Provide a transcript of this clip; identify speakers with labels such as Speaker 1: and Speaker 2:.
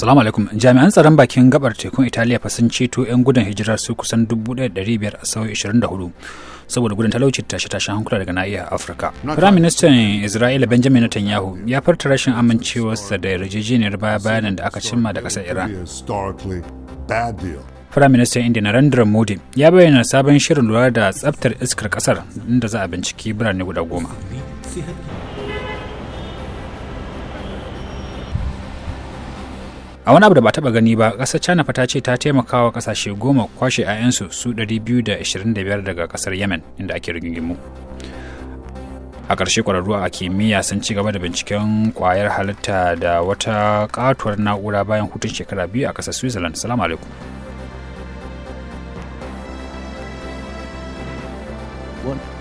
Speaker 1: Assalamu alaikum. Jami'an tsaron bakin gabar tekun Italiya fa sun ceto 'yan gudun hijirar su kusan 1,500 a sau 24 saboda gudun talauci tashe tashen hankula daga nahiyar Afirka. Firayim Ministan Isra'ila Benjamin Netanyahu ya farta rashin amincewarsa da yarjejeniyar baya bayanan da aka cimma da kasar Iran. Firaministan Indiya Narendra Modi ya bayyana sabon shirin lura da tsaftar iskar kasar inda za a binciki birane guda goma. a wani abu da ba taba gani ba kasar china fa ta ce ta taimaka wa kasashe goma kwashe 'ya'yansu su 225 daga kasar yemen inda ake rigingimu a ƙarshe ƙwararru a kimiyya sun ci gaba da binciken ƙwayar halitta da wata ƙatuwar na'ura bayan hutun shekara biyu a ƙasar switzerland salamu alaikum
Speaker 2: One.